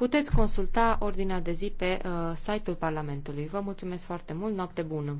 Puteți consulta ordinea de zi pe uh, site-ul Parlamentului. Vă mulțumesc foarte mult, noapte bună!